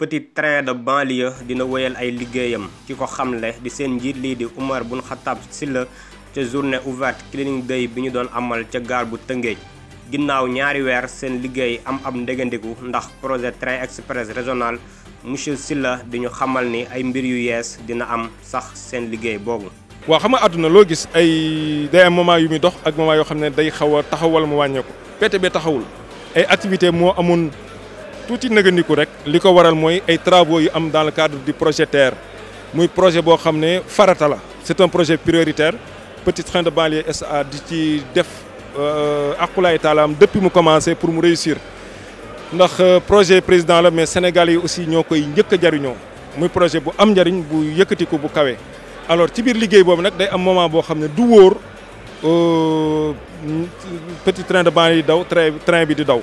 petit train de banlieue dina wéyal ay liggéeyam ki ko xamle di seen njiit lii di Oumar Boun Khattab Sylla ca journée ouverte cleaning day bi ñu doon amal ca gaar bu Tëngéej ginnaaw ñaari weer seen liggéey am ab ndegandiku ndax projet train express régional monsieur silla di ñu xamal ni ay mbir yu yees dina am sax seen liggéey boobu. waaw xam nga àdduna loo gis ay day am moment yu muy dox ak moment yoo xam ne day xaw a taxawal mu wàññeeku. PTB taxawul ay tuuti nëgëndiku rek liko waral moy ay travaux yu am dans le cadre du projet terre. muy projet bo xamné farata la c'est un projet prioritaire petit train de banlieue SA di ci def euh, akulaay taalaam depuis mu commencer pour mu réussir ndax euh, projet président la mais sénégalais aussi ñokoy ñëk njëkk a muy projet bu am njariñ bu ko bu kawé alors ci bir liguey bobu nak day am moment bo xamné du wor euh petit train de banlieue daw train bi di daw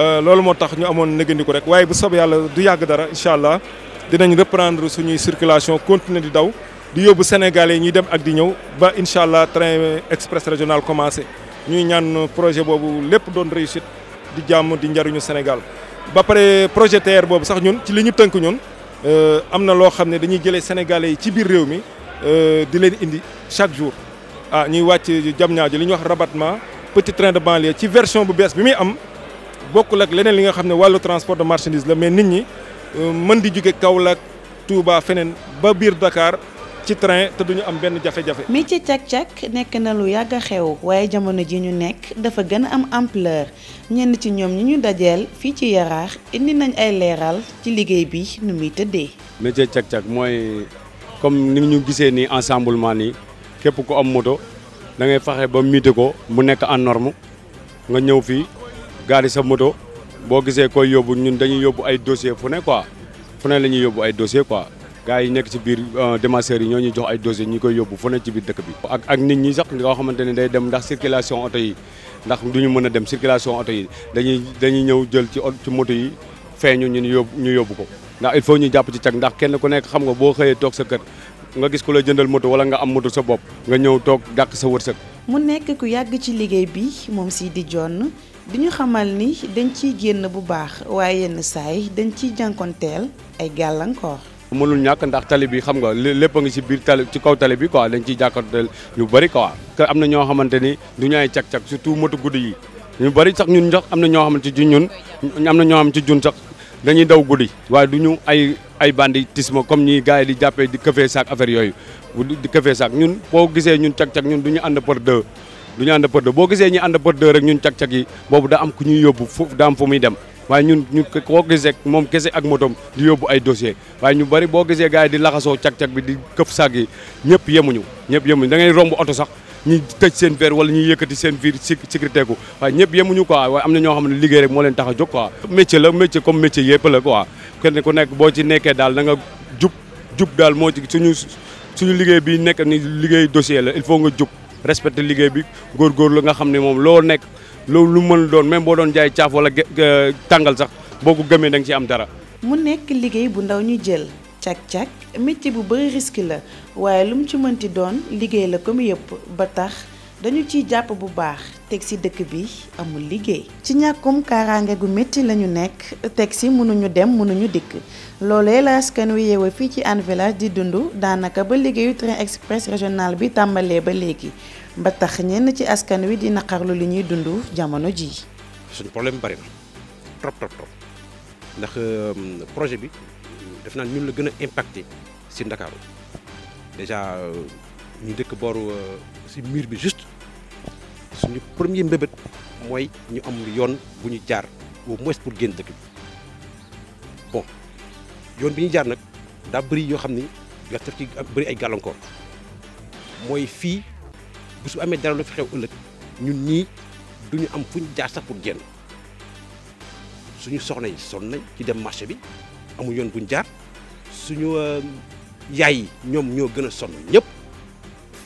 euh, loolu motax ñu amone négandiku rek waye bu soobee yalla du yag dara inshallah allah dinañ reprendre suñu circulation continuer di daw di yobu Sénégalais ñi dem ak di ñew ba inshallah train express régional commencé ñuy ñaan projet bobu lepp doon réussite di jàmm di njariñu Sénégal. ba paré projet TER boobu sax ñun ci li ñu tënk ñun euh amna lo xamné dañuy jëlé Sénégalais ci biir réew mi euh, di leen indi chaque jour ah ñuy wacc Diamniadio li ñuy wax rabattement petit train de banlieue ci version bu bees bi mi am. bokul ak leneen li nga xamne walu transport de marchandise la mais nit ñi euh, mën di jóge Kaolack Touba fenen ba bir Dakar ci train te duñu am benn jafe mi ci tiak tiak nek na lu yàgg xew waye jamono ji ñu nek dafa gën am ampleur ñen ci ñom ñu dajel fi ci yarax indi nañ ay leeral ci liggéey bi nu teddé mi ci tiak tiak moy comme ni ñu gisé ni ensemblement ni képp ko am moto da ngay fexe ba mité ko mu nek en norme nga ñew fi gaari sa moto boo gisee koy yóbbu ñun dañuy yóbbu ay dossier fu ne quoi fu ne la ñuy yóbbu ay dossier quoi gars yi nekk ci biir euh, démasseurs yi ñoo ñu jox ay dossier ñu koy yóbbu fu ne ci biir dëkk bi ak ak nit ñi sax nga xamante ne day dem ndax circulation oto yi ndax du ñu mën a dem circulation oto yi dañuy dañuy ñëw jël ci ci moto yi feeñu ñu yóbbu ñu yóbbu ko ndax il faut ñu jàpp ci cag ndax kenn ku nekk xam nga boo xëyee toog sa kër nga gis ko la jëndal moto wala nga am moto sa bopp nga ñëw toog dàq sa wërsëg mu di ñu xamal ni dañ ciy génn bu baax waaye yenn saay dañ ciy jànkonteel ay gàllankoor. mënul ñàkk ndax tali bi xam nga lépp a ngi ci biir tali ci kaw tali bi quoi dañ ciy jànkonteel yu bëri quoi. am na ñoo xamante ni du ñu ay cag-cag surtout moto guddi yi ñu bëri sax ñun sax am na ñoo xamante ci ñun am na ñoo xam ci jun sax dañuy daw guddi waaye du ñu ay ay banditisme comme ñi gars di jàppee di këfee saak affaire yooyu di këfee saak ñun boo gisee ñun cag cak ñun du ñu ànd par deux. du ñu ànd pod 2 boo gisee ñi ànd pod 2 rek ñun cag-cag yi boobu da am ku ñuy yóbbu fu da am fu dem waaye ñun ñu koo gisee moom kese ak motom di yóbbu ay dossier waaye ñu bari boo gisee gars di laxasoo cag bi di këp sag yi yemuñu ñëpp yemuñu da ngay romb oto sax ñu tëj seen verre wala ñuy yëkkati seen biir sécurité ku waaye ñëpp yemuñu quoi waaye am na ñoo xam ne liggéey rek moo leen tax a jog ko métier la métier comme métier yëpp la quoi kenn ku nekk boo ci nekkee daal da nga jub daal moo ci suñu suñu liggéey bi nekk ni liggéey dossier la il faut nga jub respecté liggéey bi góorgóorlu nga xam ne moom loo nekk loolu lu mën doon même boo doon jaay caaf wala tàngal sax boo ko gëmee da nga ci am dara. mu nekk liggéey bu ndaw ñu jël càq-càq métier bu bëri risque la waaye lu mu ci mënti doon liggéey la comme yëpp ba tax. dañu ci japp bu baax teg si dëkk bi amul liggéey ci ñàkkum kaaraange gu métti lañu nekk teg si mënuñu dem mënuñu dikk loolee la askan wi yeewa fii ci Hann Village di dund daanaka ba liggéeyu train express régional bi tàmbalee ba léegi ba tax ñenn ci askan wi di naqarlu li ñuy dund jamono ji suñu problème bari na trop trop trop ndax euh, projet bi def naa ñun la gën a impacté si Ndakaaru déjà euh, ñu dëkk booru euh, si miir bi juste suñu premier mbébét mooy ñu am yoon bu ñu jaar au moins pour génn dëkk bi bon yoon bi ñu jaar nag daa bëri yoo xam ni daa def ci bëri ay gàllankoor mooy fii bu su amee dara lu fi xew ëllëg ñun ñii duñu am fu ñu jaar sax pour génn suñu soxna yi sonn nañ ci dem marché bi amul yoon bu ñu jaar suñu euh, yaay ñoom ñoo gën a sonn ñëpp.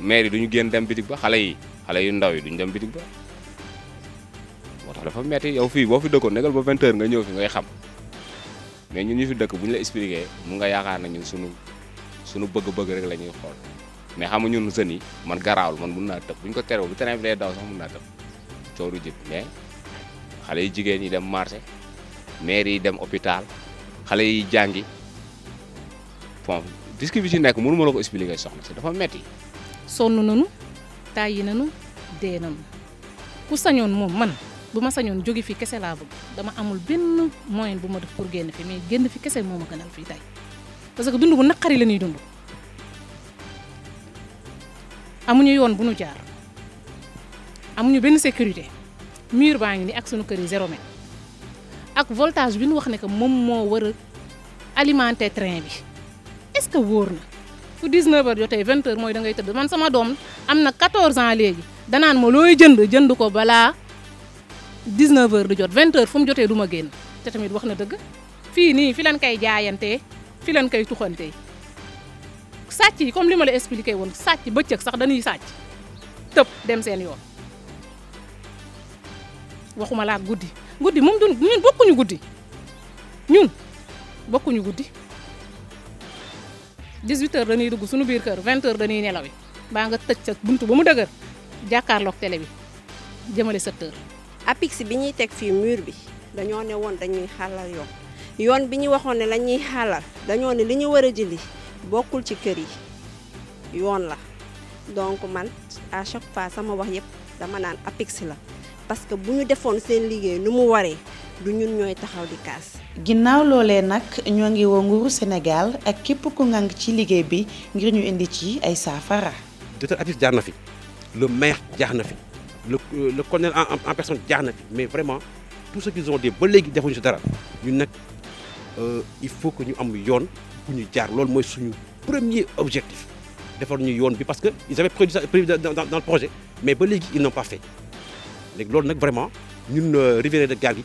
mère duñu génn dem bitik ba xalé yi xalé yu ndaw yi duñu dem bitik ba moo tax dafa metti yow fi bo fi dekkon nekkal ba 20h nga ñëw fi ngay xam mais ñun ñu fi dekk buñ la expliquer mu nga yaakaar na ñun suñu suñu bëgg-bëgg rek lañuy xol mais xamu ñun jeunes yi man garawul man mëna tepp buñ ko terewul bu terrain lay daw sax mëna tepp ciowru jëp du jib mais xale yi jigéen yi dem marché mère yi dem hôpital xalé yi jangi fon risque bi ci nekk mënu ma la ko soxna ci dafa metti sonn nanu tàyyi nanu dee nanu ku sañoon moom man bu ma sañoon jóge fi kese laa bëgg dama amul benn moyen bu ma def pour génn fi mais génn fi kese moom ma gënal fii tey parce que dund bu naqari la ñuy dund amuñu yoon bu nu jaar amuñu benn sécurité mur baa ngi ni ak sunu kër yi zéro ak voltage bi nu wax ne que moom moo war alimentaire alimenter train bi est-ce que wóor na. fu 19 heures jotee 20 heures mooy dangay ngay tëdd man sama doom am na 14 ans léegi danaan ma looy jënd jënd ko balaa 19 heures di jot 20 heures fu jotee du ma génn te tamit wax na dëgg fii nii fi lan koy jaayantee fi lan koy tuxantee sàcc yi comme li ma la expliquer woon sàcc bëccëg sax dañuy sàcc tëb dem seen yoon waxuma laa guddi guddi moom dun ñun bokkuñu guddi ñun bokkuñu guddi 18 heures dañuy dugg suñu biir kër 20 heures dañuy nelawi baa nga tëj sa bunt ba mu dëgër jàkkaarloog télé bi jëmale 7 heures. bi ñuy teg fii mur bi dañoo ne woon dañuy xàllal yoon yoon bi ñu waxoon ne lañuy ñuy xàllal dañoo ne li ñu war a jëli bokkul ci kër yi yoon la donc man à chaque fois sama wax yëpp dama naan apix la parce que bu ñu defoon seen liggéey nu mu waree. du ñun ñoy taxaw di kaas. ginnaaw loolee nak ñoo ngi woo nguuru Sénégal ak képp ku ngang ci liggéey bi ngir ñu indi ci ay saafara. docteur Habib jaar na fi le maire jaar na fi le euh, le colonel en personne jaar na fi mais vraiment tout ce qu'ils ont dit ba léegi defuñu si dara ñun nag euh, il faut que ñu am yoon bu ñu jaar loolu mooy suñu premier objectif defar ñu yoon bi parce que ils avaient prévu ça prévu dans dans le projet mais ba léegi ils n'ont pas fait léegi loolu nag vraiment ñun euh, riverains de Gaal gi.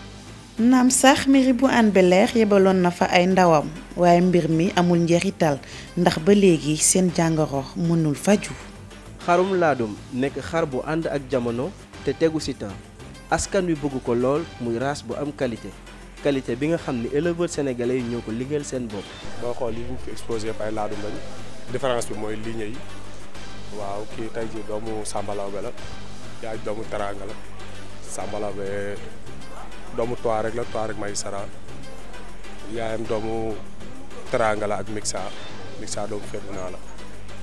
Nam sax mairie bu an Bel-Air yebaloon na fa ay ndawam waye mbir mi amul njeexital ndax ba legi sen jangoro munul faju xarum ladum nek xar bu and ak jamono te tegu ci temps askan wi bëgg ko lool muy race bu am qualité qualité bi nga xamni éleveur sénégalais ñoko ñoo sen bop bo xol boo yi bu fi exposer yëpp ay laadum lañu différence bi moy ligne yi waaw ki tay ji doomu sambalaw be la yaay doomu Teranga la sambalaw be doomu Touare rek la Touare rek may sara yaayam doomu Teranga la ak Mixa Mixa doomu Ferdinand la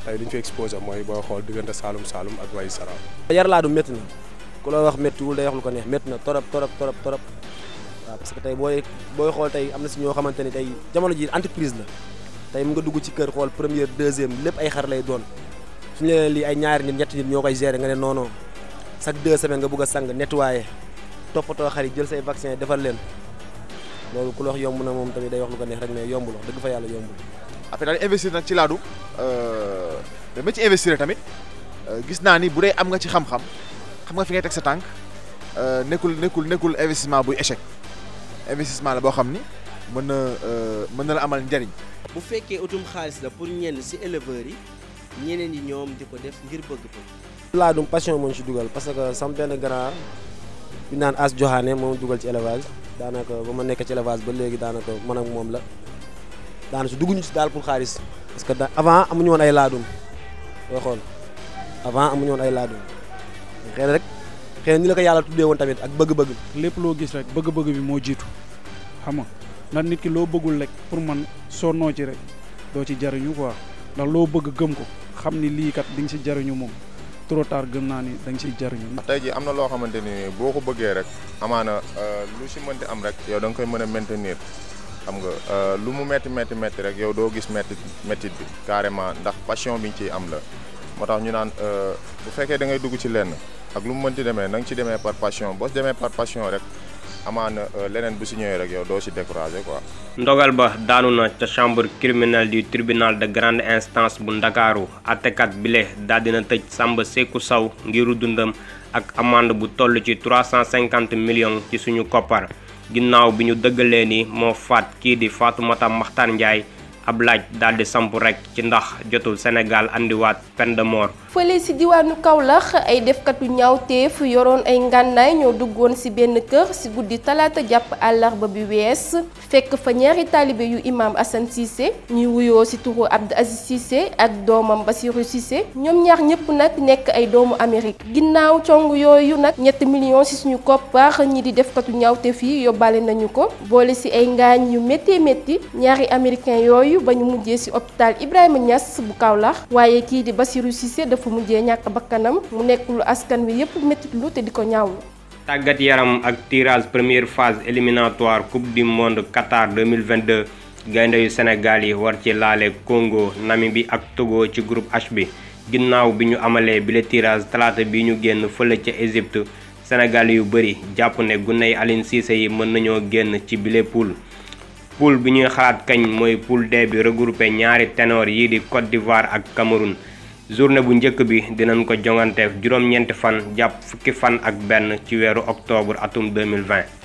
tey li ñu fi exposé mooy booy xool diggante Saalum Saalum ak way sara yar laa du na ku loo wax méttiwul day wax lu ko neex métti na torop torop torop torop waaw parce que tey booy booy xool tey am na si ñoo xamante ni tey jamono ji entreprise la tey mu nga dugg ci kër xool première deuxième lépp ay xar lay doon suñu leen lii ay ñaari nit ñetti nit ñoo koy gérer nga ne non non chaque deux nga bëgg a sang nettoyer toppatoo xar jël say vaccin defal len loolu ku la wax yomb na mom tamit day wax lu ko neex rek ne yombul lo deug fa yalla yombul. après dañ investir nak ci euh dama ci investir tamit euh, gis na ni bu am nga ci xam-xam xam nga fi ngay tek sa euh nekul nekul nekul investissement buy échec investissement la bo xam ni mën na euh, la amal ndariñ bu féké utum xaliss la pour ñenn si éleveur yi ñeneen yi ñom di def ngir bëgg-bëgg. laadum passion moo ci duggal dugal parce que sam ben grand. bi naan as joxaane moom dugal ci élevage daanaka ba ma nekk ci élevage ba léegi daanaka man ak moom la daanaka dugguñu si daal pour xaalis parce que da avant amuñu woon ay laadum booy xool avant amuñu ay laadum xëy rek xëy ni la ko yàlla tuddee woon tamit ak bëgg-bëgg. lépp loo gis rek bëgg-bëgg bi moo jiitu xam nga ndax nit ki loo bëggul rek pour man sonnoo ci rek doo ci jariñu quoi ndax loo bëgg gëm ko xam ni liikat kat ci nga jariñu moom. trop tard gëm naa ni da nga siy jariñu ah, tey am na loo xamante ni boo ko bëggee rek amaana euh, lu si mënti am rek yow da nga koy mën a maintenir xam nga euh, lu mu metti metti metti rek yow doo gis metti mettit bi carrément ndax passion bi ñu ciy am la moo tax ñu naan euh, bu fekkee da dugg ci lenn ak lu mu mënti demee na nga ci demee par passion boo demee par passion rek amaana euh, leneen bu si ñëwee rek yow doo si découragé ndogal ba daanu na ca chambre criminelle du tribunal de grande instance bu ndakaaru àttekat bile daal na tëj Samba Seku saw ngir dundam ak amande bu toll ci 350 millions ci suñu koppar ginnaaw bi ñu dëggalee ni moo faat kii di Fatoumata Makhtar Ndiaye. ab laaj daal di samp rek ci ndax jotul andi wat pen de mort. fele ci diwanu Kaolack ay defkatu ñaawteef yoroon ay ngànnaay ñoo duggoon si benn kër si guddi talaata jàpp àllarba bi wees fekk fa ñaari taalibe yu imam Assane Cissé ñuy wuyoo si turu abd Aziz Cissé ak doomam Bassirou Cissé ñoom ñaar ñëpp nag nekk ay doomu Amérique ginnaaw cong yooyu nag ñetti million si suñu koppar ñi di defkatu ñaawteef yi yóbbaale nañu ko boole si ay ngaañ yu métti métti ñaari américain yooyu. ba ñu mujjee ci hôpital Ibrahima ñas bu Kaolack waaye kii di Bassirou Cissé dafa mujjee ñàkk bakkanam mu nekk lu askan wi yépp mettitlu te di ko ñaawlu tàggat yaram ak tirage première phase éliminatoire coupe du monde Qatar 2022 gaynde yu Sénégal yi war ci laale Congo Namibie ak Togo ci group H bi ginnaaw bi ñu amalee bile tirage talaata bi ñu génn fële ca Égypte senegal yu bëri jàpp ne guney Aliou Cissé yi mën nañoo génn ci bile poule pool bi ñuy xalaat kañ mooy pool D bi regroupé ñaari ténor yi di Côte d'Ivoire ak Cameroun journée bu njëkk bi dinañ ko jongante juróom-ñeenti fan jàpp fukki fan ak benn ci weeru octobre atum 2020